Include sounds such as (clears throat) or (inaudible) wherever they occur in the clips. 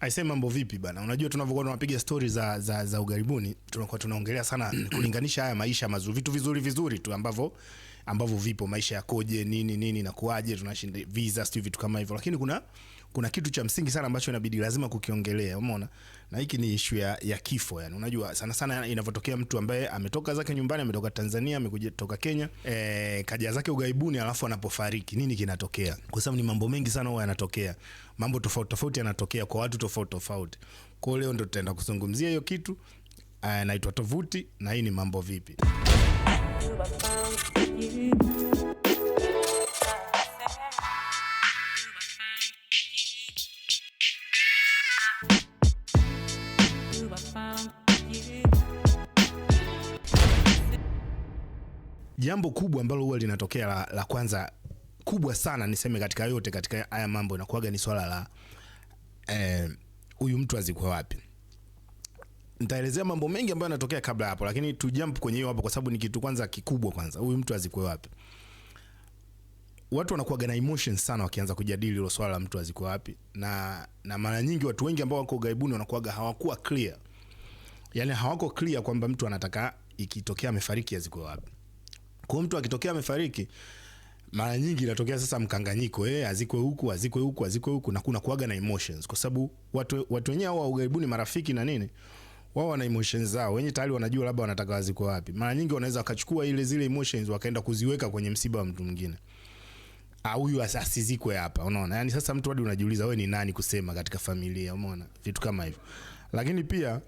Aisee, mambo vipi bana? Unajua tunavyokuwa tunapiga stori za, za, za ugaribuni tunakuwa tunaongelea sana (clears throat) kulinganisha haya maisha mazuri, vitu vizuri vizuri tu ambavyo ambavyo vipo, maisha yakoje, nini nini, nakuaje, tunashinda visa, sio vitu kama hivyo, lakini kuna kuna kitu cha msingi sana ambacho inabidi lazima kukiongelea, umeona, na hiki ni ishu ya, ya kifo. Yani unajua sana sana inavyotokea mtu ambaye ametoka zake nyumbani, ametoka Tanzania, amekuja toka Kenya, e, kaja zake ugaibuni, alafu anapofariki nini kinatokea? Kwa sababu ni mambo mengi sana huwa yanatokea, mambo tofauti tofauti yanatokea kwa watu tofauti tofauti. Kwa leo ndo tutaenda kuzungumzia hiyo kitu, eh, naitwa Tovuti na hii ni Mambo Vipi. jambo kubwa ambalo huwa linatokea la, la kwanza kubwa sana niseme katika yote katika haya mambo inakuwaga ni swala la eh, huyu eh, mtu azikwe wapi. Nitaelezea mambo mengi ambayo yanatokea kabla hapo, lakini tu jump kwenye hiyo hapo, kwa sababu ni kitu kwanza kikubwa. Kwanza huyu mtu azikwe wapi, watu wanakuwaga na emotion sana wakianza kujadili hilo swala la mtu azikwe wapi, na na mara nyingi watu wengi ambao wako gaibuni wanakuwaga hawakuwa clear, yani hawako clear kwamba mtu anataka ikitokea amefariki azikwe wapi kwa mtu akitokea amefariki mara nyingi inatokea sasa mkanganyiko eh, azikwe huku azikwe huku azikwe huku, na kuna kuaga na emotions, kwa sababu watu watu wenyewe wa ugaibuni marafiki na nini, wao wana emotions zao wenyewe, tayari wanajua labda wanataka wazikwe wapi. Mara nyingi wanaweza wakachukua ile zile emotions wakaenda kuziweka kwenye msiba wa mtu mwingine, au ah, huyu asizikwe hapa, unaona. Yani sasa mtu hadi unajiuliza wewe ni nani kusema katika familia, umeona vitu kama hivyo, lakini pia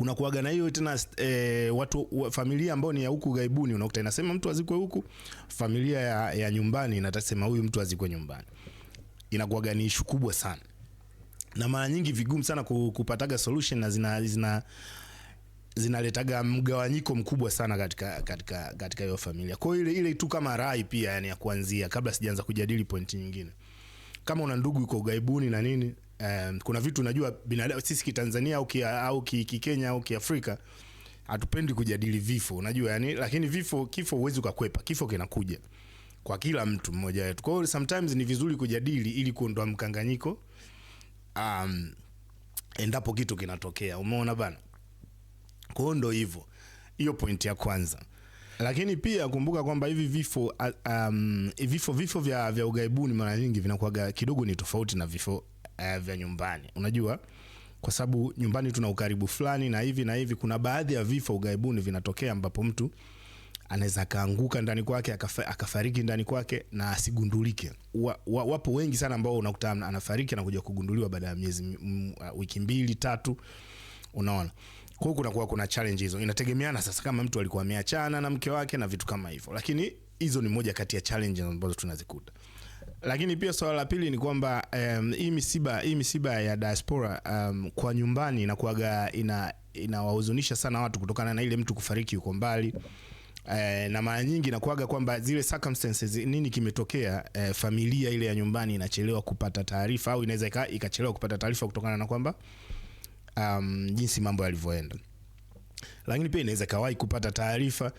kuna kuaga na hiyo tena e, watu wa familia ambao ni ya huku gaibuni, unakuta inasema mtu azikwe huku, familia ya, ya nyumbani inatasema huyu mtu azikwe nyumbani. Inakuaga ni ishu kubwa sana, na mara nyingi vigumu sana kupataga solution na zina, zina zinaletaga mgawanyiko mkubwa sana katika katika katika hiyo familia. Kwa hiyo ile ile tu kama rai pia yani ya kuanzia, kabla sijaanza kujadili pointi nyingine, kama una ndugu yuko ugaibuni na nini um, kuna vitu unajua binadamu sisi kitanzania au kia, au kikenya au kiafrika hatupendi kujadili vifo unajua yani, lakini vifo kifo huwezi ukakwepa, kifo kinakuja kwa kila mtu mmoja wetu. Kwa hiyo sometimes ni vizuri kujadili ili kuondoa mkanganyiko um, endapo kitu kinatokea. Umeona bana, kwa hiyo ndo hivyo, hiyo pointi ya kwanza. Lakini pia kumbuka kwamba hivi vifo um, vifo vifo vya, vya ugaibuni mara nyingi vinakuwa kidogo ni tofauti na vifo uh, vya nyumbani unajua kwa sababu nyumbani tuna ukaribu fulani na hivi na hivi. Kuna baadhi ya vifo ugaibuni vinatokea ambapo mtu anaweza akaanguka ndani kwake akafa, akafariki ndani kwake na asigundulike. Wa, wa, wapo wengi sana ambao unakuta anafariki anakuja kugunduliwa baada ya miezi uh, wiki mbili tatu, unaona. Kwa hiyo kunakuwa kuna challenge hizo, inategemeana sasa kama mtu alikuwa ameachana na mke wake na vitu kama hivyo, lakini hizo ni moja kati ya challenge ambazo tunazikuta. Lakini pia swala la pili ni kwamba um, hii misiba hii misiba ya diaspora um, kwa nyumbani inakuwaga ina inawahuzunisha sana watu kutokana na ile mtu kufariki yuko mbali eh, na mara nyingi nakuaga kwamba zile circumstances nini kimetokea eh, familia ile ya nyumbani inachelewa kupata taarifa au inaweza ikachelewa kupata taarifa kutokana na kwamba um, jinsi mambo yalivyoenda, lakini pia inaweza ikawahi kupata taarifa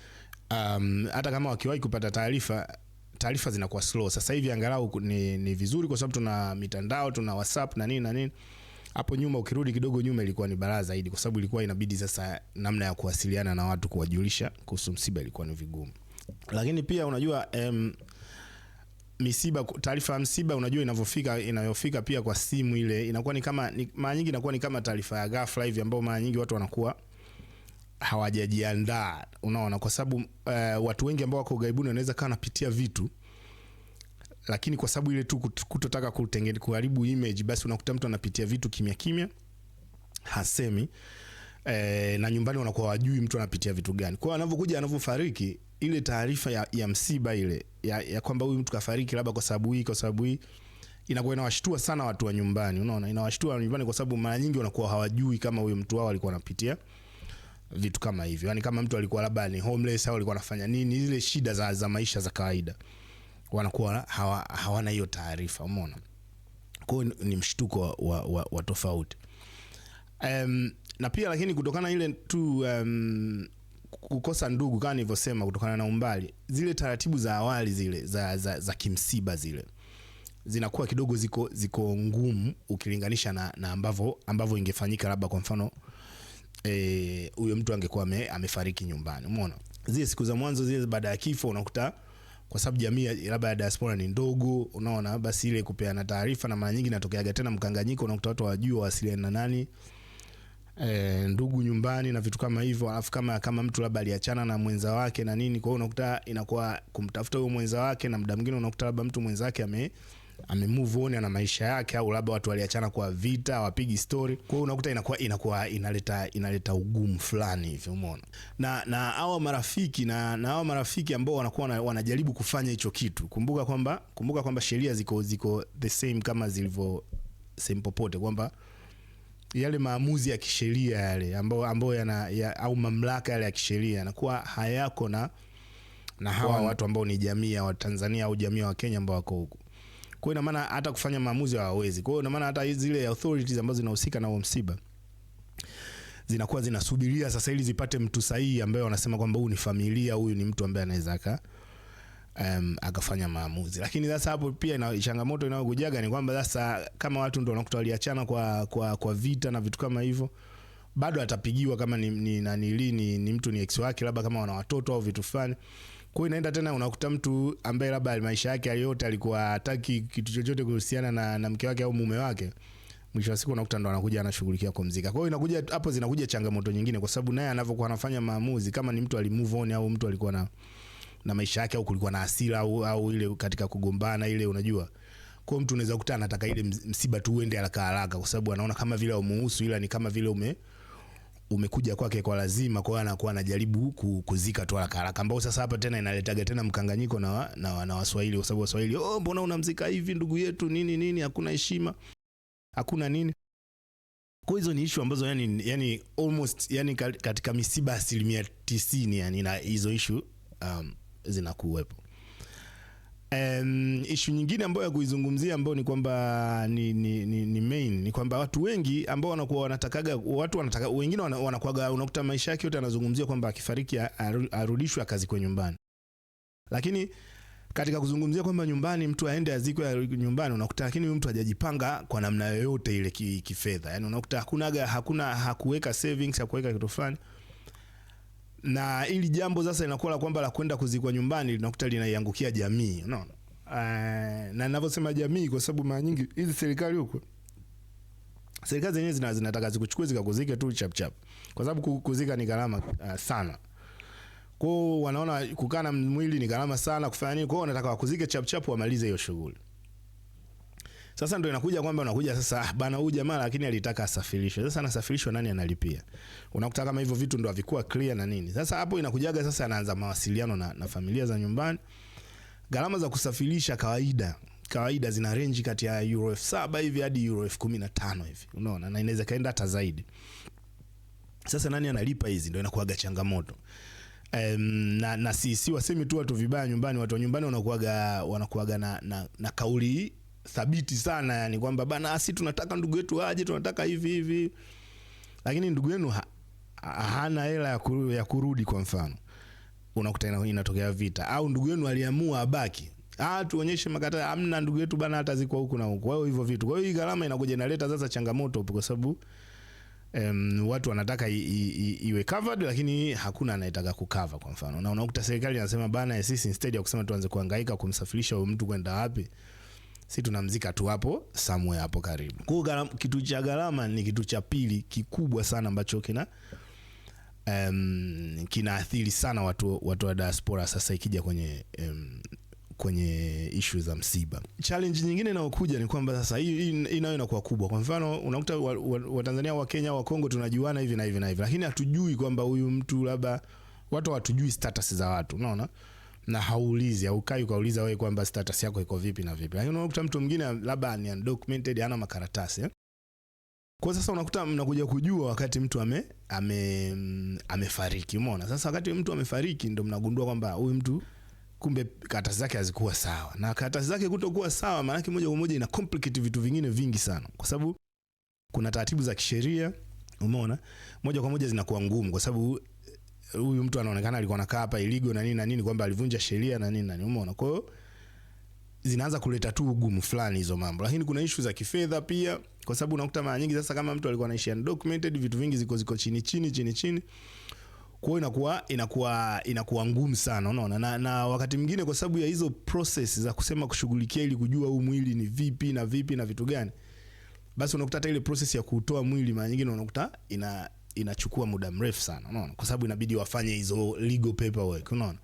um, hata kama wakiwahi kupata taarifa taarifa zinakuwa slow. Sasa hivi angalau ni, ni vizuri kwa sababu tuna mitandao, tuna WhatsApp na nini na nini. Hapo nyuma ukirudi kidogo nyuma ilikuwa ni balaa zaidi, kwa sababu ilikuwa inabidi sasa namna ya kuwasiliana na watu kuwajulisha kuhusu msiba ilikuwa ni vigumu, lakini pia unajua em, misiba taarifa ya msiba unajua inavyofika inayofika pia kwa simu ile inakuwa ni kama mara nyingi inakuwa ni kama taarifa ya ghafla hivi, ambayo mara nyingi watu wanakuwa hawajajiandaa, unaona, kwa sababu uh, watu wengi ambao wako ugaibuni wanaweza kawa wanapitia vitu lakini kwa sababu ile tu kutotaka kuharibu image, basi unakuta mtu anapitia vitu kimya kimya, hasemi e, na nyumbani wanakuwa wajui mtu anapitia vitu gani. kwao hiyo anavyokuja, anavyofariki, ile taarifa ya, ya msiba ile ya, ya kwamba huyu mtu kafariki labda kwa sababu hii, kwa sababu hii inakuwa inawashtua sana watu wa nyumbani. Unaona, inawashtua nyumbani, kwa sababu mara nyingi wanakuwa hawajui kama huyo mtu wao alikuwa anapitia vitu kama hivyo. Yani kama mtu alikuwa labda ni homeless au alikuwa anafanya nini, zile shida za, za maisha za kawaida wanakuwa hawa, hawana hiyo taarifa, umeona. Kwa hiyo ni mshtuko wa, wa, wa, wa tofauti um, na pia lakini kutokana ile tu um, kukosa ndugu kama nilivyosema, kutokana na umbali, zile taratibu za awali zile za, za, za kimsiba zile zinakuwa kidogo ziko, ziko ngumu ukilinganisha na, na ambavyo ambavyo ingefanyika labda kwa mfano Eh, huyo e, mtu angekuwa ame, amefariki nyumbani. Umeona zile siku za mwanzo zile baada ya kifo, unakuta kwa sababu jamii labda ya diaspora ni ndogo, unaona, basi ile kupeana taarifa, na mara nyingi natokeaga tena mkanganyiko, unakuta watu hawajui wasiliana na nani E, ndugu nyumbani na vitu kama hivyo, alafu kama kama mtu labda aliachana na mwenza wake na nini, kwa hiyo unakuta inakuwa kumtafuta huyo mwenza wake, na muda mwingine unakuta labda mtu mwenza wake ame amemove on, ana maisha yake, au labda watu waliachana kwa vita, wapigi story. Kwa hiyo unakuta inakuwa inakuwa inaleta inaleta ugumu fulani hivi, umeona. Na na hao marafiki na na hao marafiki ambao wanakuwa na, wanajaribu kufanya hicho kitu, kumbuka kwamba kumbuka kwamba sheria ziko ziko the same kama zilivyo sehemu popote kwamba yale maamuzi ya kisheria yale ambayo ambayo yana ya, au mamlaka yale ya kisheria yanakuwa hayako na na hawa watu ambao ni jamii ya Watanzania au jamii ya Wakenya ambao wako huku. Kwa hiyo ina maana hata kufanya maamuzi hawawezi. Kwa hiyo ina maana hata zile authorities ambazo zinahusika na huo msiba zinakuwa zinasubiria sasa ili zipate mtu sahihi ambaye wanasema kwamba huyu ni familia, huyu ni mtu ambaye anaweza aka um, akafanya maamuzi. Lakini sasa hapo pia ina changamoto inayokujaga ni kwamba sasa kama watu ndio wanakuta waliachana kwa, kwa, kwa vita na vitu kama hivyo bado atapigiwa kama ni, ni, ni, ni, ni, ni mtu ni ex wake, labda kama wana watoto au vitu fulani. Kwa inaenda tena, unakuta mtu ambaye labda maisha yake yote alikuwa hataki kitu chochote kuhusiana na, na mke wake au mume wake, mwisho wa siku unakuta ndo anakuja anashughulikia kwa kumzika. Kwa hiyo inakuja hapo, zinakuja changamoto nyingine, kwa sababu naye anavyokuwa anafanya maamuzi, kama ni mtu alimove on au mtu alikuwa na na maisha yake au kulikuwa na hasira au, au ile katika kugombana ile, unajua kwa mtu unaweza kukuta anataka ile msiba tu uende haraka haraka, kwa sababu anaona kama vile umuhusu, ila ni kama vile ume umekuja kwake kwa lazima, kwa hiyo anakuwa anajaribu kuzika tu haraka haraka, ambao sasa hapa tena inaletaga tena mkanganyiko na, na, na Waswahili kwa sababu Waswahili, oh, mbona unamzika hivi ndugu yetu nini nini, hakuna heshima, hakuna nini. Kwa hizo ni issue ambazo yani, yani almost yani katika misiba asilimia tisini yani na hizo issue um, zinakuwepo. Um, ishu nyingine ambayo ya kuizungumzia ambayo ni kwamba ni, ni, ni, ni main ni kwamba watu wengi ambao wanakuwa wanatakaga watu wanataka wengine wanakuaga, unakuta maisha yake yote anazungumzia kwamba akifariki arudishwe kwa nyumbani, lakini katika kuzungumzia kwamba nyumbani mtu aende azikwe nyumbani unakuta, lakini mtu hajajipanga kwa namna yoyote ile kifedha, yani unakuta hakunaga, hakuna hakuweka savings hakuweka kitu fulani na ili jambo sasa linakuwa la kwamba la kwenda kuzikwa nyumbani linakuta linaiangukia jamii, no. Uh, eh, na ninavyosema jamii, kwa sababu mara nyingi hizi serikali huko serikali zenyewe zina zinataka zikuchukue zikakuzike tu chap chap, kwa sababu kuzika ni gharama uh, sana kwao, wanaona kukaa na mwili ni gharama sana, kufanya nini kwao, wanataka wakuzike chap chap, wamalize hiyo shughuli. Sasa ndo inakuja kwamba unakuja sasa ah, bana, huyu jamaa lakini alitaka asafirishwe. Sasa anasafirishwa, nani analipia? Unakuta kama hivyo vitu ndo havikuwa clear na nini. Sasa hapo inakujaga sasa, anaanza mawasiliano na, na familia za nyumbani. Gharama za kusafirisha kawaida kawaida zina range kati ya euro 7 hivi hadi euro 15 hivi, unaona, na inaweza kaenda hata zaidi. Sasa nani analipa hizi? Ndo inakuwaga changamoto. Um, na, na si, si wasemi tu watu vibaya nyumbani, watu wa nyumbani wanakuwaga wanakuwaga na, na, na kauli hii thabiti sana, yani kwamba bana, ah, si tunataka ndugu yetu aje, tunataka hivi hivi, lakini ndugu yenu ha, hana hela ya, kuru, ya kurudi. Kwa mfano unakuta inatokea vita, au ndugu yenu aliamua abaki Ah, tuonyeshe makata amna ndugu yetu bana, hata ziko huku na huku. Kwa hiyo hivyo vitu, kwa hiyo gharama inakuja inaleta sasa changamoto kwa sababu um, watu wanataka i, i, i, iwe covered, lakini hakuna anayetaka kukava kwa mfano, na unakuta serikali inasema bana, eh, sisi instead ya kusema tuanze kuhangaika kumsafirisha huyu mtu kwenda wapi si tunamzika tu hapo somewhere hapo karibu. Kwa kitu cha gharama ni kitu cha pili kikubwa sana ambacho kina um, kinaathiri sana watu, watu wa diaspora sasa ikija kwenye um, kwenye issue za msiba. Challenge nyingine inayokuja ni kwamba sasa hii inayo inakuwa kubwa. Kwa mfano unakuta Watanzania wa, wa Wakenya wa Kongo tunajuana hivi na hivi na hivi, lakini hatujui kwamba huyu mtu labda watu hawatujui status za watu, unaona na haulizi au kai ukauliza wewe kwamba status yako iko vipi na vipi. Lakini unakuta mtu mwingine labda ni undocumented, hana makaratasi eh? Kwa sasa unakuta mnakuja kujua wakati mtu ame, ame amefariki, umeona. Sasa wakati mtu amefariki ndio mnagundua kwamba huyu mtu kumbe karatasi zake hazikuwa sawa, na karatasi zake kutokuwa sawa maana yake moja kwa moja ina complicate vitu vingine vingi sana, kwa sababu kuna taratibu za kisheria, umeona, moja kwa moja zinakuwa ngumu, kwa sababu huyu mtu anaonekana alikuwa anakaa hapa iligo na nini na nini, kwamba alivunja sheria na nini na nini, umeona. Kwa hiyo zinaanza kuleta tu ugumu fulani hizo mambo, lakini kuna issue za kifedha pia, kwa sababu unakuta mara nyingi sasa, kama mtu alikuwa anaishi undocumented, vitu vingi ziko ziko chini chini chini chini kwa inakuwa inakuwa inakuwa ngumu sana unaona, na, na wakati mwingine kwa sababu ya hizo process za kusema kushughulikia ili kujua huu mwili ni vipi na vipi na vitu gani, basi unakuta hata ile process ya kutoa mwili mara nyingine unakuta ina inachukua muda mrefu sana, unaona, kwa sababu inabidi wafanye hizo legal paperwork, unaona.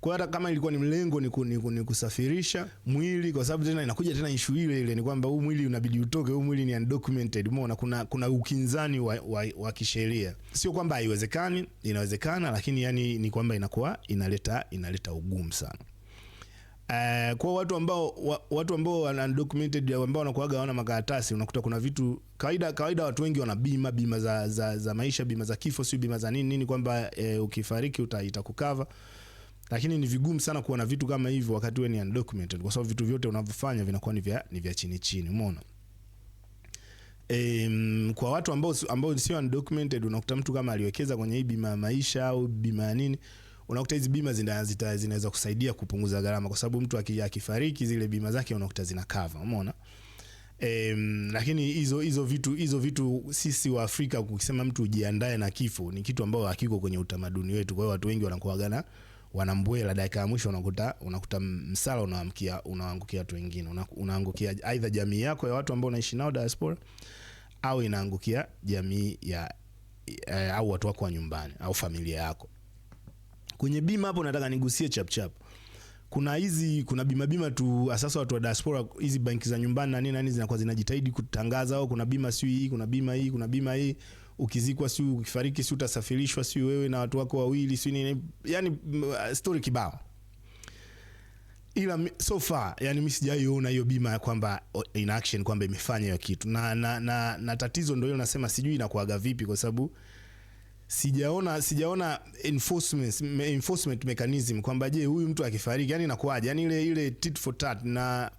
Kwa hata kama ilikuwa ni mlengo ni, ku, ni, ku, ni kusafirisha mwili, kwa sababu tena inakuja tena issue ile ile ni kwamba huu mwili unabidi utoke, huu mwili ni undocumented. Umeona, kuna kuna ukinzani wa, wa, wa kisheria. Sio kwamba haiwezekani, inawezekana, lakini yani ni kwamba inakuwa inaleta inaleta ugumu sana. Uh, kwa watu ambao wa, watu ambao wana undocumented ambao wanakuaga hawana makaratasi, unakuta kuna vitu kawaida kawaida, watu wengi wana bima bima za, za, za maisha, bima za kifo, sio bima za nini nini, kwamba eh, ukifariki uta, itakukava, lakini ni vigumu sana kuwa na vitu kama hivyo wakati wewe ni undocumented, kwa sababu vitu vyote unavyofanya vinakuwa ni vya ni vya chini chini, umeona. Um, kwa watu ambao ambao sio undocumented, unakuta mtu kama aliwekeza kwenye hii bima ya maisha au bima ya nini unakuta hizi bima zina, zinaweza kusaidia kupunguza gharama, kwa sababu mtu akifariki zile bima zake unakuta zina cover, umeona. Um, lakini hizo hizo vitu hizo vitu sisi wa Afrika ukisema mtu ujiandae na kifo ni kitu ambacho hakiko kwenye utamaduni wetu. Kwa hiyo watu wengi wanakuwa gana wanambwela dakika ya mwisho, unakuta unakuta msala unaamkia unaangukia watu wengine, unaangukia aidha jamii yako ya watu ambao unaishi nao diaspora, au inaangukia jamii ya, ya, eh, ya au watu wako wa nyumbani au familia yako. Kwenye bima hapo nataka nigusie chapchap. Kuna hizi kuna bima bima tu asasa watu wa diaspora hizi banki za nyumbani na nini nani zinakuwa zinajitahidi kutangaza au oh, kuna bima sio hii, kuna bima hii, kuna bima hii. Ukizikwa siyo, ukifariki siyo, utasafirishwa siyo, wewe na watu wako wawili siyo nini. yani story kibao. Ila so far yani mimi sijaiona hiyo bima ya kwamba in action kwamba imefanya hiyo kitu. Na na, na, na tatizo ndio hilo nasema sijui inakuaga vipi kwa sababu sijaona sijaona enforcement enforcement mechanism kwamba je, huyu mtu akifariki, yani inakuwaje? Yani ile ile tit for tat, na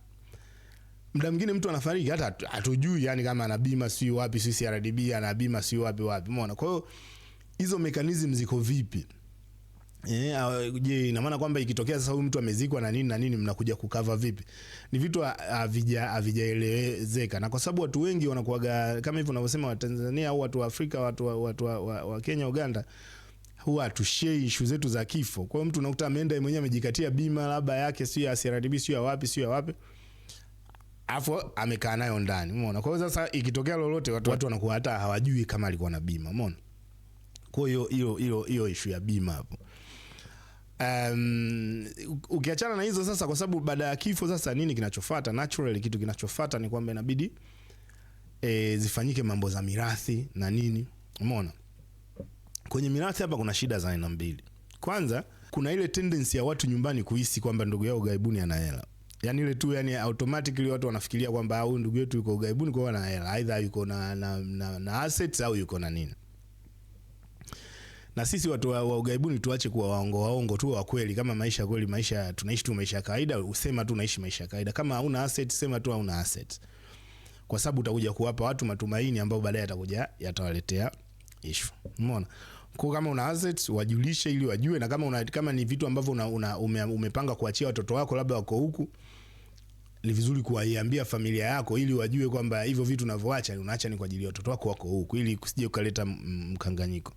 mda mwingine mtu anafariki hata hatujui, yani kama ana bima si wapi, si CRDB ana bima si wapi wapi, umeona? Kwa hiyo hizo mechanism ziko vipi? Eh, je, ina maana kwamba ikitokea sasa huyu mtu amezikwa na nini na nini mnakuja kukava vipi? Ni vitu havijaelezeka, Na kwa sababu watu wengi wanakuaga kama hivyo unavyosema wa Tanzania au watu wa Afrika, watu wa, watu wa, wa, wa Kenya, Uganda huwa hatushei ishu zetu za kifo. Kwa hiyo mtu unakuta ameenda mwenyewe amejikatia bima labda yake sio ya CRDB sio ya wapi sio ya wapi. Afu amekaa nayo ndani. Umeona? Kwa hiyo sasa ikitokea lolote watu watu wanakuwa hata hawajui kama alikuwa na bima. Umeona? Kwa hiyo hiyo hiyo ishu ya bima hapo. Um, ukiachana na hizo sasa, kwa sababu baada ya kifo sasa nini kinachofuata? Naturally kitu kinachofuata ni kwamba inabidi e, zifanyike mambo za mirathi na nini. Umeona, kwenye mirathi hapa kuna shida za aina mbili. Kwanza kuna ile tendency ya watu nyumbani kuhisi kwamba ndugu yao gaibuni ana hela, yani ile tu, yani automatically watu wanafikiria kwamba ah, huyu ndugu yetu yuko ugaibuni kwa ana hela, aidha yuko na, na, na, na assets au yuko na nini na sisi watu wa, wa ugaibuni tuache kuwa waongo waongo tu wa kweli. Kama maisha kweli, maisha tunaishi tu maisha ya kawaida, usema tu unaishi maisha ya kawaida. Kama hauna asset, sema tu hauna asset, kwa sababu utakuja kuwapa watu matumaini ambao baadaye yatakuja yatawaletea issue. Umeona? Kwa kama una asset wajulishe, ili wajue, na kama una kama ni vitu ambavyo una, una ume, umepanga kuachia watoto wako labda wako huku ni vizuri kuwaiambia familia yako ili wajue kwamba hivyo vitu unavyoacha unaacha ni kwa ajili ya watoto wako wako huku, ili kusije ukaleta mkanganyiko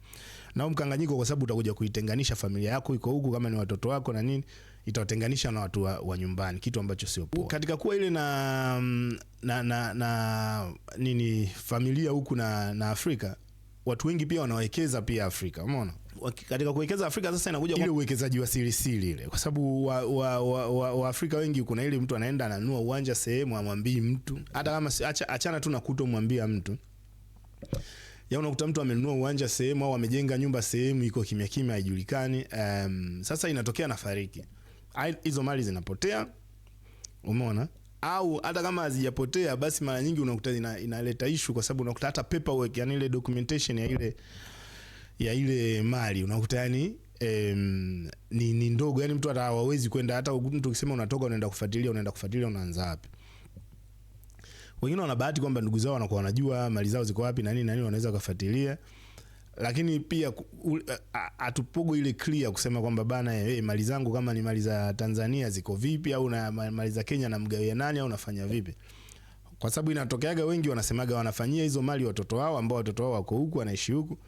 na mkanganyiko, kwa sababu utakuja kuitenganisha familia yako iko huku, kama ni watoto wako na nini, itawatenganisha na watu wa, wa nyumbani, kitu ambacho sio poa katika kuwa ile na, mm, na, na, na nini familia huku na, na Afrika watu wengi pia wanawekeza pia Afrika, umeona katika kuwekeza Afrika. Sasa inakuja ile uwekezaji wa siri siri ile, kwa sababu wa, wa, wa, wa, wa Afrika wengi kuna ile mtu anaenda ananua uwanja sehemu amwambii mtu, hata kama achana tu na kutomwambia mtu ya unakuta mtu amenunua uwanja sehemu au amejenga nyumba sehemu iko kimya kimya haijulikani. Um, sasa inatokea na fariki, hizo mali zinapotea, umeona au hata kama hazijapotea basi mara nyingi unakuta ina, inaleta issue kwa sababu unakuta hata paperwork, yani ile documentation ya ile ya ile mali unakuta yani em, ni, ni ndogo yani mtu hata hawezi kwenda hata mtu ukisema unatoka unaenda kufuatilia unaenda kufuatilia unaanza wapi? Wengine wana bahati kwamba ndugu zao wanakuwa wanajua mali zao ziko wapi na nini na nini, wanaweza kufuatilia, lakini pia eh, hatupogo ile clear kusema kwamba bana, eh, hey, eh, mali zangu kama ni mali za Tanzania ziko vipi, au na mali za Kenya na mgawia nani, au nafanya vipi? Kwa sababu inatokeaga wengi wanasemaga wanafanyia hizo mali watoto wao ambao watoto wao wako huku wanaishi huku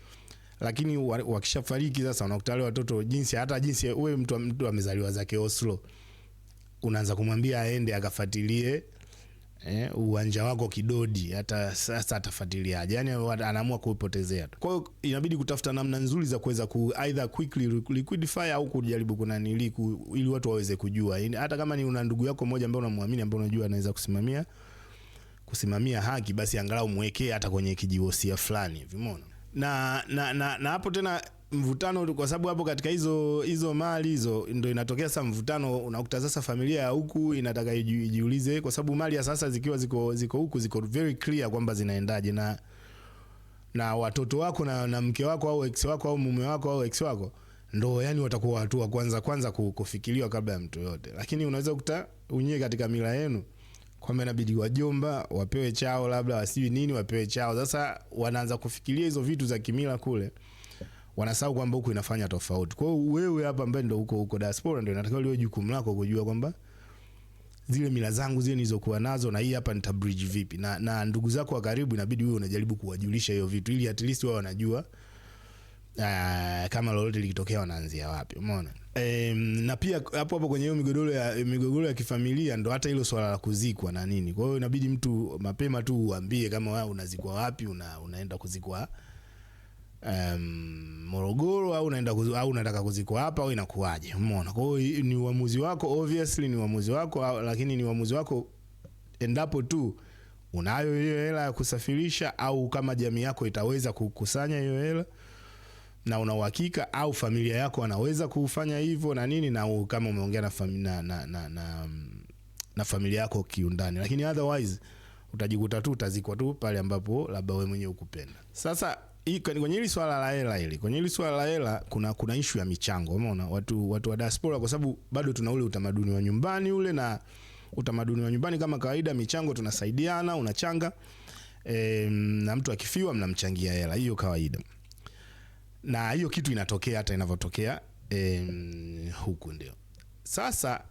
lakini wakishafariki sasa, unakuta wale watoto jinsi hata jinsi wewe mtu, mtu amezaliwa zake Oslo, unaanza kumwambia aende akafuatilie eh, uwanja wako kidodi, hata sasa atafuatiliaje? Yani anaamua kuipotezea tu. Kwa hiyo inabidi kutafuta namna nzuri za kuweza ku either quickly liquidify au kujaribu kunanili ku, ili watu waweze kujua, yaani, hata kama ni una ndugu yako mmoja ambaye unamwamini ambaye unajua anaweza kusimamia kusimamia haki, basi angalau mwekee hata kwenye kijiwosia fulani hivi, umeona na na, na hapo tena mvutano kwa sababu hapo katika hizo hizo mali hizo ndio inatokea sasa mvutano. Unakuta sasa familia ya huku inataka ijiulize, kwa sababu mali ya sasa zikiwa ziko ziko huku ziko very clear kwamba zinaendaje na na watoto wako na, na mke wako au ex wako au mume wako au ex wako ndo yani watakuwa watu wa kwanza kwanza kufikiriwa kabla ya mtu yote, lakini unaweza kukuta unyewe katika mila yenu kwamba inabidi wajomba wapewe chao, labda wasiwi nini wapewe chao. Sasa wanaanza kufikiria hizo vitu za kimila kule wanasahau kwamba huku inafanya tofauti. Kwa hiyo wewe hapa ambaye ndo huko huko diaspora, ndio inatakiwa liwe jukumu lako kujua kwamba zile mila zangu zile nilizokuwa nazo na hii hapa nita bridge vipi, na, na ndugu zako wa karibu inabidi wewe unajaribu kuwajulisha hiyo vitu, ili at least wao wanajua uh, kama lolote likitokea wanaanzia wapi, umeona um, na pia hapo hapo kwenye hiyo migogoro ya migogoro ya kifamilia ndo hata hilo swala la kuzikwa na nini. Kwa hiyo inabidi mtu mapema tu uambie kama wewe unazikwa wapi, una, unaenda kuzikwa um, Morogoro au unaenda kuzi, au unataka kuzikwa hapa au inakuaje? Umeona? Kwa hiyo ni uamuzi wako, obviously ni uamuzi wako, lakini ni uamuzi wako endapo tu unayo hiyo hela ya kusafirisha au kama jamii yako itaweza kukusanya hiyo hela na una uhakika au familia yako anaweza kufanya hivyo na nini, na u, kama umeongea na, fami, na, na, na, na, mm, na familia yako kiundani, lakini otherwise utajikuta tu utazikwa tu pale ambapo labda wewe mwenyewe ukupenda. Sasa kwenye hili swala la hela hili, kwenye hili swala la hela kuna kuna ishu ya michango. Umeona watu watu wa diaspora, kwa sababu bado tuna ule utamaduni wa nyumbani ule, na utamaduni wa nyumbani kama kawaida, michango tunasaidiana, unachanga e, na mtu akifiwa mnamchangia hela, hiyo kawaida, na hiyo kitu inatokea hata inavyotokea e, huku ndio sasa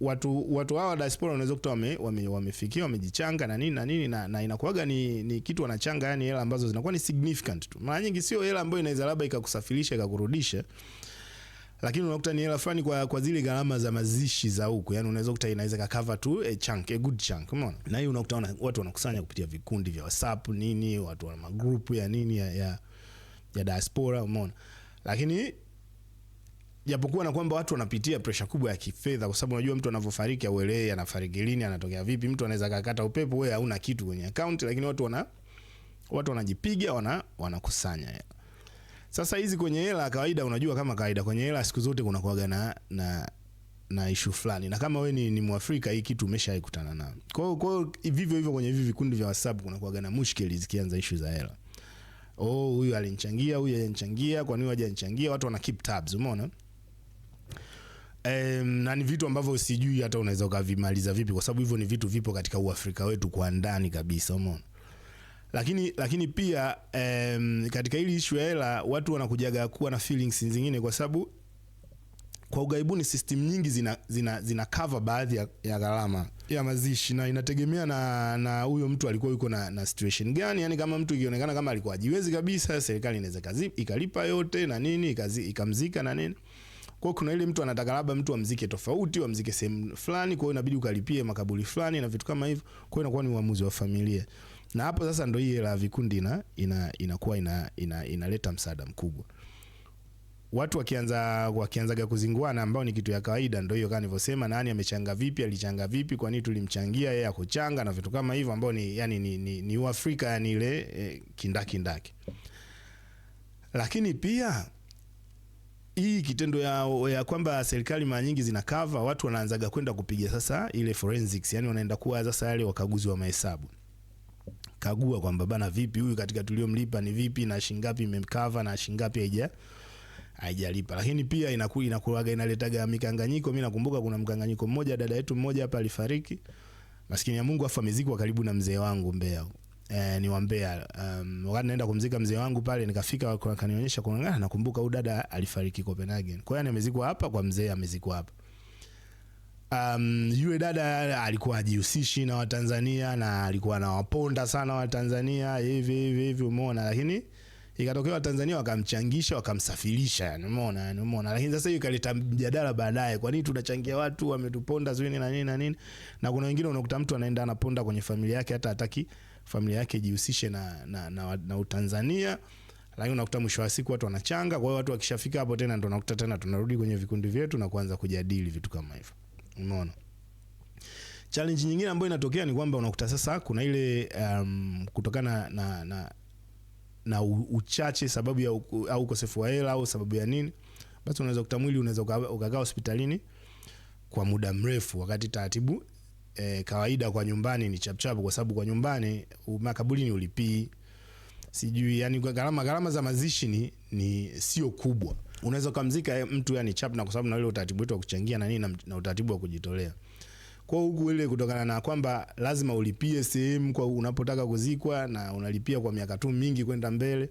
watu watu hawa diaspora wanaweza kutoa wame, wamefikia wamejichanga na nini na nini na, na inakuwaga ni, ni kitu wanachanga, yani hela ambazo zinakuwa ni significant tu. Mara nyingi sio hela ambayo inaweza labda ikakusafirisha ikakurudisha, lakini unakuta ni hela fulani kwa, kwa zile gharama za mazishi za huko, yani unaweza kuta inaweza cover tu a chunk, a good chunk, umeona. Na hiyo unakuta una, watu wanakusanya kupitia vikundi vya WhatsApp nini, watu wana magrupu ya nini ya, ya, ya diaspora, umeona, lakini japokuwa na kwamba watu wanapitia presha kubwa ya kifedha, kwa sababu unajua mtu anavyofariki auelewi anafariki lini, anatokea vipi. Mtu anaweza kakata upepo, wewe hauna kitu kwenye akaunti, lakini watu wana watu wanajipiga, wana wanakusanya ya. Sasa hizi kwenye hela kawaida, unajua kama kawaida kwenye hela siku zote kuna kuaga na na na issue fulani, na kama wewe ni, ni Mwafrika hii kitu umeshaikutana nayo. Kwa hiyo kwa hiyo vivyo hivyo kwenye hivi vikundi vya WhatsApp kuna kuaga na mushkeli zikianza issue za hela. Oh, huyu alinchangia, huyu alinchangia, kwa nini waje anchangia? Watu wana keep tabs, umeona? Um, na ni vitu ambavyo sijui hata unaweza ukavimaliza vipi, kwa sababu hivyo ni vitu vipo katika uafrika wetu kwa ndani kabisa, umeona. Lakini lakini pia um, katika hili issue ya hela watu wanakujaga kuwa na feelings zingine, kwa sababu kwa ugaibuni system nyingi zina, zina, zina cover baadhi ya, ya gharama ya mazishi na inategemea na na huyo mtu alikuwa yuko na, na situation gani. Yani kama mtu ikionekana kama alikuwa ajiwezi kabisa, serikali inaweza ikalipa yote na nini ikamzika na nini kwa kuna ile mtu anataka labda mtu amzike tofauti, amzike sehemu fulani, kwa hiyo inabidi ukalipie makaburi fulani na vitu kama hivyo. Kwa hiyo inakuwa ni uamuzi wa familia. Na hapo sasa ndio ile la vikundi ina inakuwa ina, inaleta ina, ina, ina msaada mkubwa. Watu wakianza wakianzaga kuzinguana ambao ni kitu ya kawaida, ndio hiyo kama nilivyosema, nani amechanga vipi, alichanga vipi, kwa nini tulimchangia yeye akuchanga na vitu kama hivyo ambao ni yani ni ni, ni Uafrika yani ile eh, kindaki ndaki. Lakini pia hii kitendo ya, ya kwamba serikali mara nyingi zina cover, watu wanaanzaga kwenda kupiga sasa ile forensics, yani wanaenda kuwa sasa wale wakaguzi wa mahesabu kagua kwamba bana, vipi huyu katika tuliomlipa ni vipi na shingapi imemkava na shingapi haija haijalipa. Lakini pia inakuwa inakuaga inaletaga mikanganyiko. Mimi nakumbuka kuna mkanganyiko mmoja, dada yetu mmoja hapa alifariki, maskini ya Mungu, afa amezikwa karibu na mzee wangu Mbeya eh, ni Wambea. Um, wakati naenda kumzika mzee wangu pale nikafika wakanionyesha kwa nakumbuka huyu dada alifariki Copenhagen. Kwa hiyo yani amezikwa hapa kwa mzee, amezikwa hapa. Um, yule dada alikuwa ajihusishi na Watanzania na alikuwa anawaponda sana Watanzania hivi hivi hivi, umeona, lakini ikatokea Watanzania wakamchangisha wakamsafirisha, yani umeona, yani umeona. Lakini sasa hiyo ikaleta mjadala baadaye, kwa nini tunachangia watu wametuponda, sio nini na nini na nini. Na kuna wengine unakuta mtu anaenda anaponda kwenye familia yake hata hataki familia yake ijihusishe na, na, na, na na Utanzania lakini unakuta mwisho wa siku watu wanachanga. Kwa hiyo watu wakishafika hapo tena ndo nakuta tena tunarudi kwenye vikundi vyetu na kuanza kujadili vitu kama hivyo, umeona. Challenge nyingine ambayo inatokea ni kwamba unakuta sasa kuna ile um, kutokana na, na, na uchache sababu ya au ukosefu wa hela au sababu ya nini, basi unaweza kuta mwili unaweza ukakaa hospitalini kwa muda mrefu, wakati taratibu e, kawaida kwa nyumbani ni chapchapu, kwa sababu kwa nyumbani makaburini ulipii sijui yani gharama gharama za mazishi ni, ni sio kubwa. Unaweza kumzika eh, mtu yani chap na kwa sababu na ile utaratibu wetu wa kuchangia na nini na, na utaratibu wa kujitolea. Kwa huku ile kutokana na kwamba lazima ulipie sehemu kwa unapotaka kuzikwa na unalipia kwa miaka tu mingi kwenda mbele.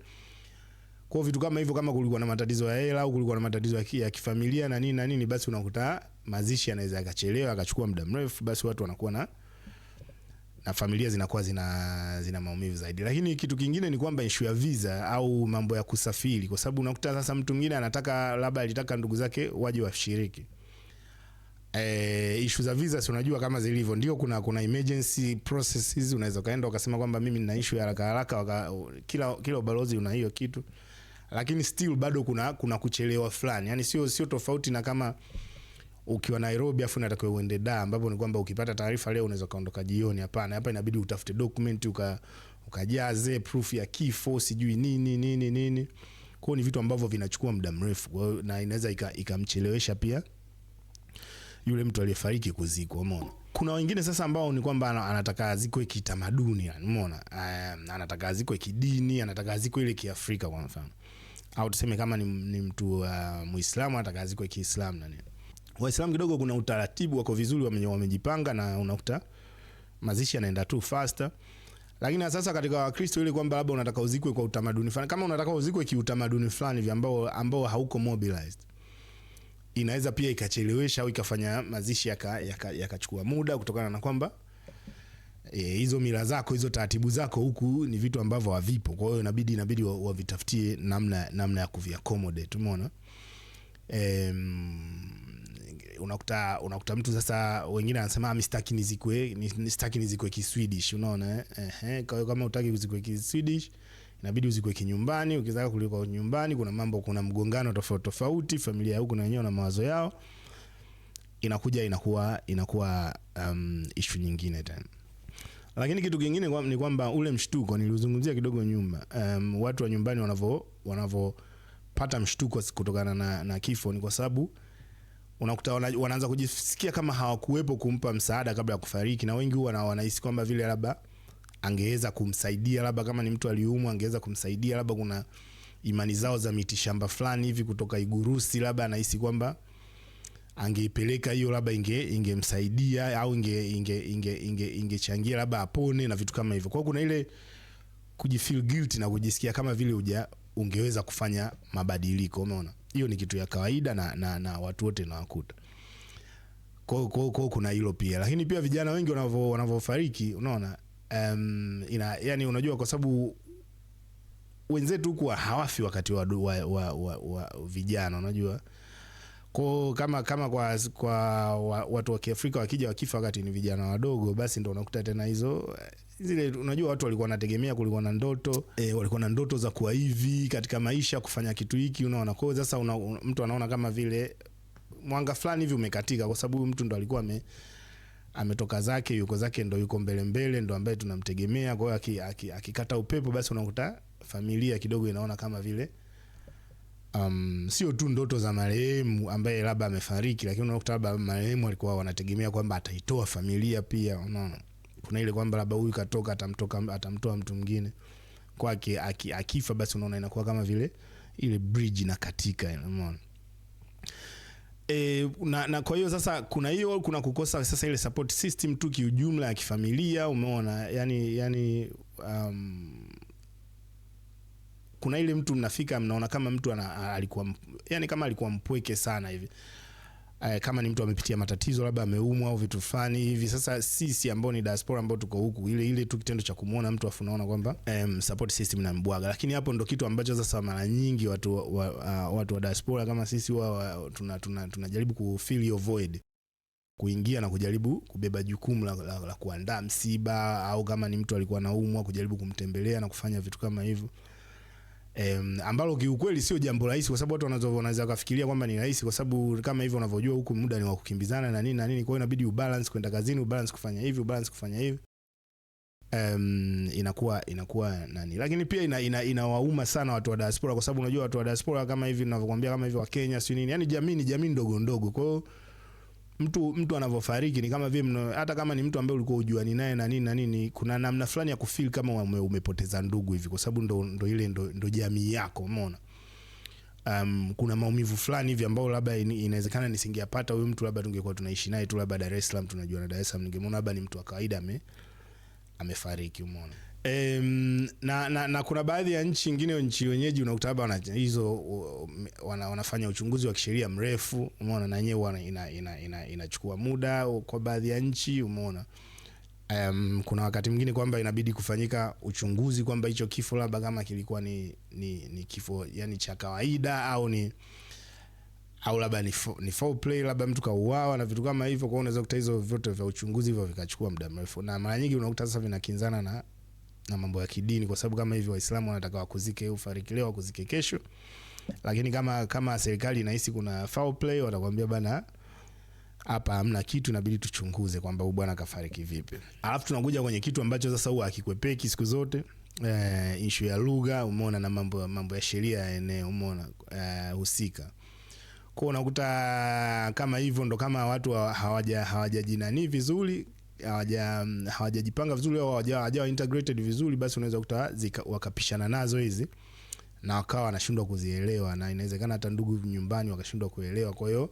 Kwa vitu kama hivyo, kama kulikuwa na matatizo ya hela au kulikuwa na matatizo ya kifamilia na nini na nini, basi unakuta mazishi yanaweza yakachelewa akachukua muda mrefu, basi watu wanakuwa na na familia zinakuwa zina, zina maumivu zaidi. Lakini kitu kingine ni kwamba issue ya visa au mambo ya kusafiri, kwa sababu unakuta sasa mtu mwingine anataka labda alitaka ndugu zake waje washiriki. E, issue za visa si unajua kama zilivyo, ndio kuna kuna emergency processes, unaweza kaenda ukasema kwamba mimi nina issue ya haraka haraka, kila kila ubalozi una hiyo kitu lakini still bado kuna kuna kuchelewa fulani, yani sio sio tofauti na kama ukiwa Nairobi afu natakiwa uende da ambapo ni kwamba ukipata taarifa leo unaweza kaondoka jioni. Hapana, hapa inabidi utafute document uka ukajaze proof ya kifo sijui nini nini nini. Kwa ni vitu ambavyo vinachukua muda mrefu na inaweza ikamchelewesha ika pia yule mtu aliyefariki kuzikwa. Umeona, kuna wengine sasa ambao ni kwamba anataka azikwe kitamaduni, yani umeona, anataka azikwe kidini, anataka azikwe ile Kiafrika kwa mfano au tuseme kama ni, ni mtu uh, Muislamu hata kazi kwa Kiislamu na nini. Waislamu kidogo kuna utaratibu wako vizuri, wamejipanga na unakuta mazishi yanaenda tu faster. Lakini sasa katika Wakristo ile kwamba labda unataka uzikwe kwa utamaduni fulani, kama unataka uzikwe kiutamaduni fulani vya ambao ambao hauko mobilized, inaweza pia ikachelewesha au ikafanya mazishi yakachukua yaka, yaka muda kutokana na kwamba E, hizo e, mila zako hizo taratibu zako huku ni vitu ambavyo havipo. Kwa hiyo inabidi inabidi wavitafutie wa namna namna ya kuviaccommodate, umeona eh unakuta unakuta mtu sasa, wengine anasema mimi ah, sitaki nizikwe ni, sitaki nizikwe ki Swedish, unaona eh. Kwa hiyo kama utaki kuzikwe ki Swedish inabidi uzikwe kinyumbani. Ukizaka kuliko nyumbani, kuna mambo, kuna mgongano tofauti tofauti, familia huko na wenyewe na mawazo yao, inakuja inakuwa inakuwa um, issue nyingine tena. Lakini kitu kingine kwa, ni kwamba ule mshtuko niliuzungumzia kidogo nyuma, um, watu wa nyumbani wanavyo mshtuko kutokana na, na kifo ni kwa sababu unakuta wana, wanaanza kujisikia kama hawakuwepo kumpa msaada kabla ya kufariki, na wengi huwa wanahisi kwamba vile labda angeweza kumsaidia, labda kama ni mtu aliumwa angeweza kumsaidia, labda kuna imani zao za mitishamba fulani hivi kutoka Igurusi, labda anahisi kwamba angeipeleka hiyo labda inge ingemsaidia au inge inge inge ingechangia inge labda apone na vitu kama hivyo. Kwa kuna ile kujifeel guilty na kujisikia kama vile uja ungeweza kufanya mabadiliko, umeona? Hiyo ni kitu ya kawaida na, na, na watu wote na wakuta. Kwa kwa kwa kuna hilo pia, lakini pia vijana wengi wanavyo wanavyofariki, unaona um, ina, yani unajua kwa sababu wenzetu huku hawafi wakati wa, wa, wa, wa, wa vijana unajua kwa kama kama kwa, kwa watu wa Kiafrika wakija wakifa wakati ni vijana wadogo, basi ndo unakuta tena hizo eh, zile, unajua watu walikuwa wanategemea, kulikuwa na ndoto e, walikuwa na ndoto za kuwa hivi katika maisha, kufanya kitu hiki, unaona. Kwa hiyo sasa una, mtu anaona kama vile mwanga fulani hivi umekatika, kwa sababu mtu ndo alikuwa ame ametoka zake yuko zake ndo yuko mbele mbele ndo ambaye tunamtegemea. Kwa hiyo akikata aki, aki upepo, basi unakuta familia kidogo inaona kama vile um, sio tu ndoto za marehemu ambaye labda amefariki, lakini unakuta labda marehemu alikuwa wanategemea kwamba ataitoa familia pia. Unaona, kuna ile kwamba labda huyu katoka, atamtoka atamtoa mtu mwingine kwake, akifa basi, unaona inakuwa kama vile ile bridge inakatika, unaona E, na, na kwa hiyo sasa kuna hiyo kuna kukosa sasa ile support system tu kiujumla ya kifamilia umeona yani, yani um, kuna ile mtu mnafika mnaona kama mtu ana, alikuwa yani kama alikuwa mpweke sana hivi eh, kama ni mtu amepitia matatizo labda ameumwa au vitu fulani hivi. Sasa sisi ambao ni diaspora ambao tuko huku, ile ile tu kitendo cha kumuona mtu afu unaona kwamba um, support system inambwaga, lakini hapo ndo kitu ambacho sasa mara nyingi watu wa, wa, uh, watu wa diaspora kama sisi wa, wa tuna, tuna ku fill your void kuingia na kujaribu kubeba jukumu la, la, la kuandaa msiba au kama ni mtu alikuwa anaumwa kujaribu kumtembelea na kufanya vitu kama hivyo. Um, ambalo kiukweli sio jambo rahisi kwa sababu watu wanaweza kufikiria kwamba ni rahisi kwa sababu kama hivyo unavyojua huku muda ni wa kukimbizana na nini na nini, kwa hiyo inabidi ubalance kwenda kazini, ubalance kufanya hivi, ubalance kufanya hivi. Um, inakuwa inakuwa nani, lakini pia ina, ina, inawauma sana watu wa diaspora kwa sababu unajua watu wa diaspora kama hivi ninavyokuambia, kama hivi wa Kenya, si nini, yani jamii ni jamii ndogo ndogo, kwa hiyo mtu mtu anavyofariki ni kama vile hata kama ni mtu ambaye ulikuwa ujuani naye na nini na nini, kuna namna fulani ya kufeel kama ume, umepoteza ndugu hivi, kwa sababu ndo, ndo ile ndo, ndo jamii yako, umeona. Um, kuna maumivu fulani hivi ambayo labda inawezekana nisingeyapata huyu mtu, labda tungekuwa tunaishi naye tu, labda Dar es Salaam, tunajua na Dar es Salaam, ningemwona labda ni mtu wa kawaida ame amefariki, umeona. E, na, na, na kuna baadhi ya nchi nyingine, nchi wenyeji unakuta hapa wana, hizo wana, wanafanya uchunguzi wa kisheria mrefu, umeona, na yenyewe ina, ina, ina, muda kwa baadhi ya nchi, umeona. Um, kuna wakati mwingine kwamba inabidi kufanyika uchunguzi kwamba hicho kifo labda kama kilikuwa ni, ni, ni kifo yani cha kawaida au ni au labda ni, ni foul play labda mtu kauawa na vitu kama hivyo. Kwa hiyo unaweza kuta hizo vyote vya uchunguzi hivyo vikachukua muda mrefu, na mara nyingi unakuta sasa vinakinzana na na mambo ya kidini, kwa sababu kama hivyo Waislamu wanataka wakuzike ufariki leo, wakuzike kesho. Lakini kama kama serikali inahisi kuna foul play, watakwambia bana, hapa hamna kitu, inabidi tuchunguze kwamba huyu bwana kafariki vipi. Alafu tunakuja kwenye kitu ambacho sasa huwa hakikwepeki siku zote eh, issue ya lugha, umeona na mambo mambo ya sheria ya eneo, umeona eh, husika kwa unakuta kama hivyo ndo kama watu hawaja hawajajinanii vizuri hawajajipanga vizuri au hawajawa integrated vizuri, basi unaweza kuta wakapishana nazo hizi na wakawa wanashindwa kuzielewa, na inawezekana hata ndugu nyumbani wakashindwa kuelewa. Kwa hiyo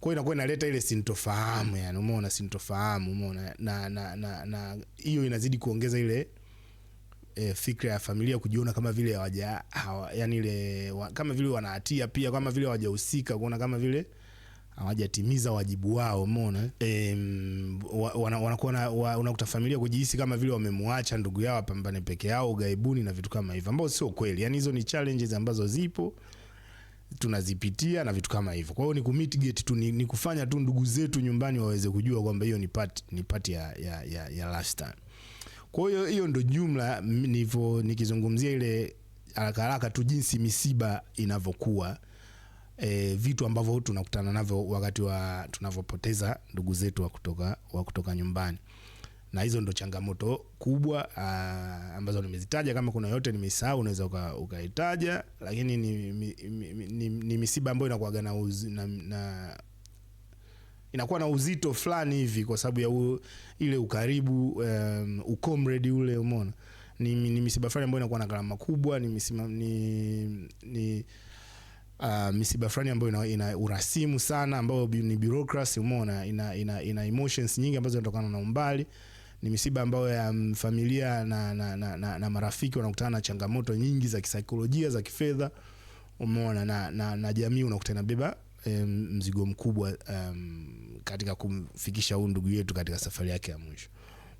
kwa hiyo inakuwa inaleta ile sintofahamu, yani umeona, sintofahamu umeona, na na na na hiyo inazidi kuongeza ile e, fikra ya familia kujiona kama vile hawaja hawa, yani ile wa, kama vile wanahatia pia, kama vile hawajahusika, kuona kama vile hawajatimiza wajibu wao, umeona e, wanakuwa wana wa, unakuta familia kujihisi kama vile wamemwacha ndugu yao apambane peke yao ugaibuni na vitu kama hivyo, ambao sio kweli. Yani hizo ni challenges ambazo zipo tunazipitia na vitu kama hivyo. Kwa hiyo ni kumitigate tu, ni, ni kufanya tu ndugu zetu nyumbani waweze kujua kwamba hiyo ni part, ni part ya, ya, ya, ya last time Kwa hiyo hiyo ndo jumla nivyo nikizungumzia ile haraka haraka tu jinsi misiba inavyokuwa e, vitu ambavyo tunakutana navyo wakati wa tunavyopoteza ndugu zetu wa kutoka, wa kutoka nyumbani na hizo ndo changamoto kubwa uh, ambazo nimezitaja. Kama kuna yote nimesahau, unaweza ukaitaja, lakini ni, ni, ni, ni, ni misiba ambayo inakuwa na, na, na inakuwa na uzito fulani hivi kwa sababu ya u, ile ukaribu um, ukomredi ule, umeona ni, ni misiba fulani ambayo inakuwa na gharama kubwa, ni, misima, ni, ni uh, misiba fulani ambayo ina, ina urasimu sana ambayo ni bureaucracy, umeona ina, ina, ina emotions nyingi ambazo zinatokana na umbali. Ni misiba ambayo ya familia na, na, na, na, na marafiki wanakutana na changamoto nyingi za kisaikolojia za kifedha, umeona na, na, na jamii unakutana beba mzigo mkubwa um, katika kumfikisha huyu ndugu yetu katika safari yake ya mwisho.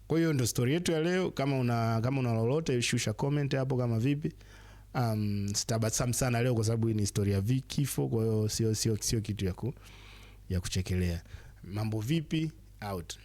Kwa hiyo ndo story yetu ya leo. Kama una kama una lolote, shusha comment hapo, kama vipi um, sitabasamu sana leo kwa sababu ni historia vikifo kifo, kwa hiyo sio sio sio kitu ya ku, ya kuchekelea. Mambo vipi out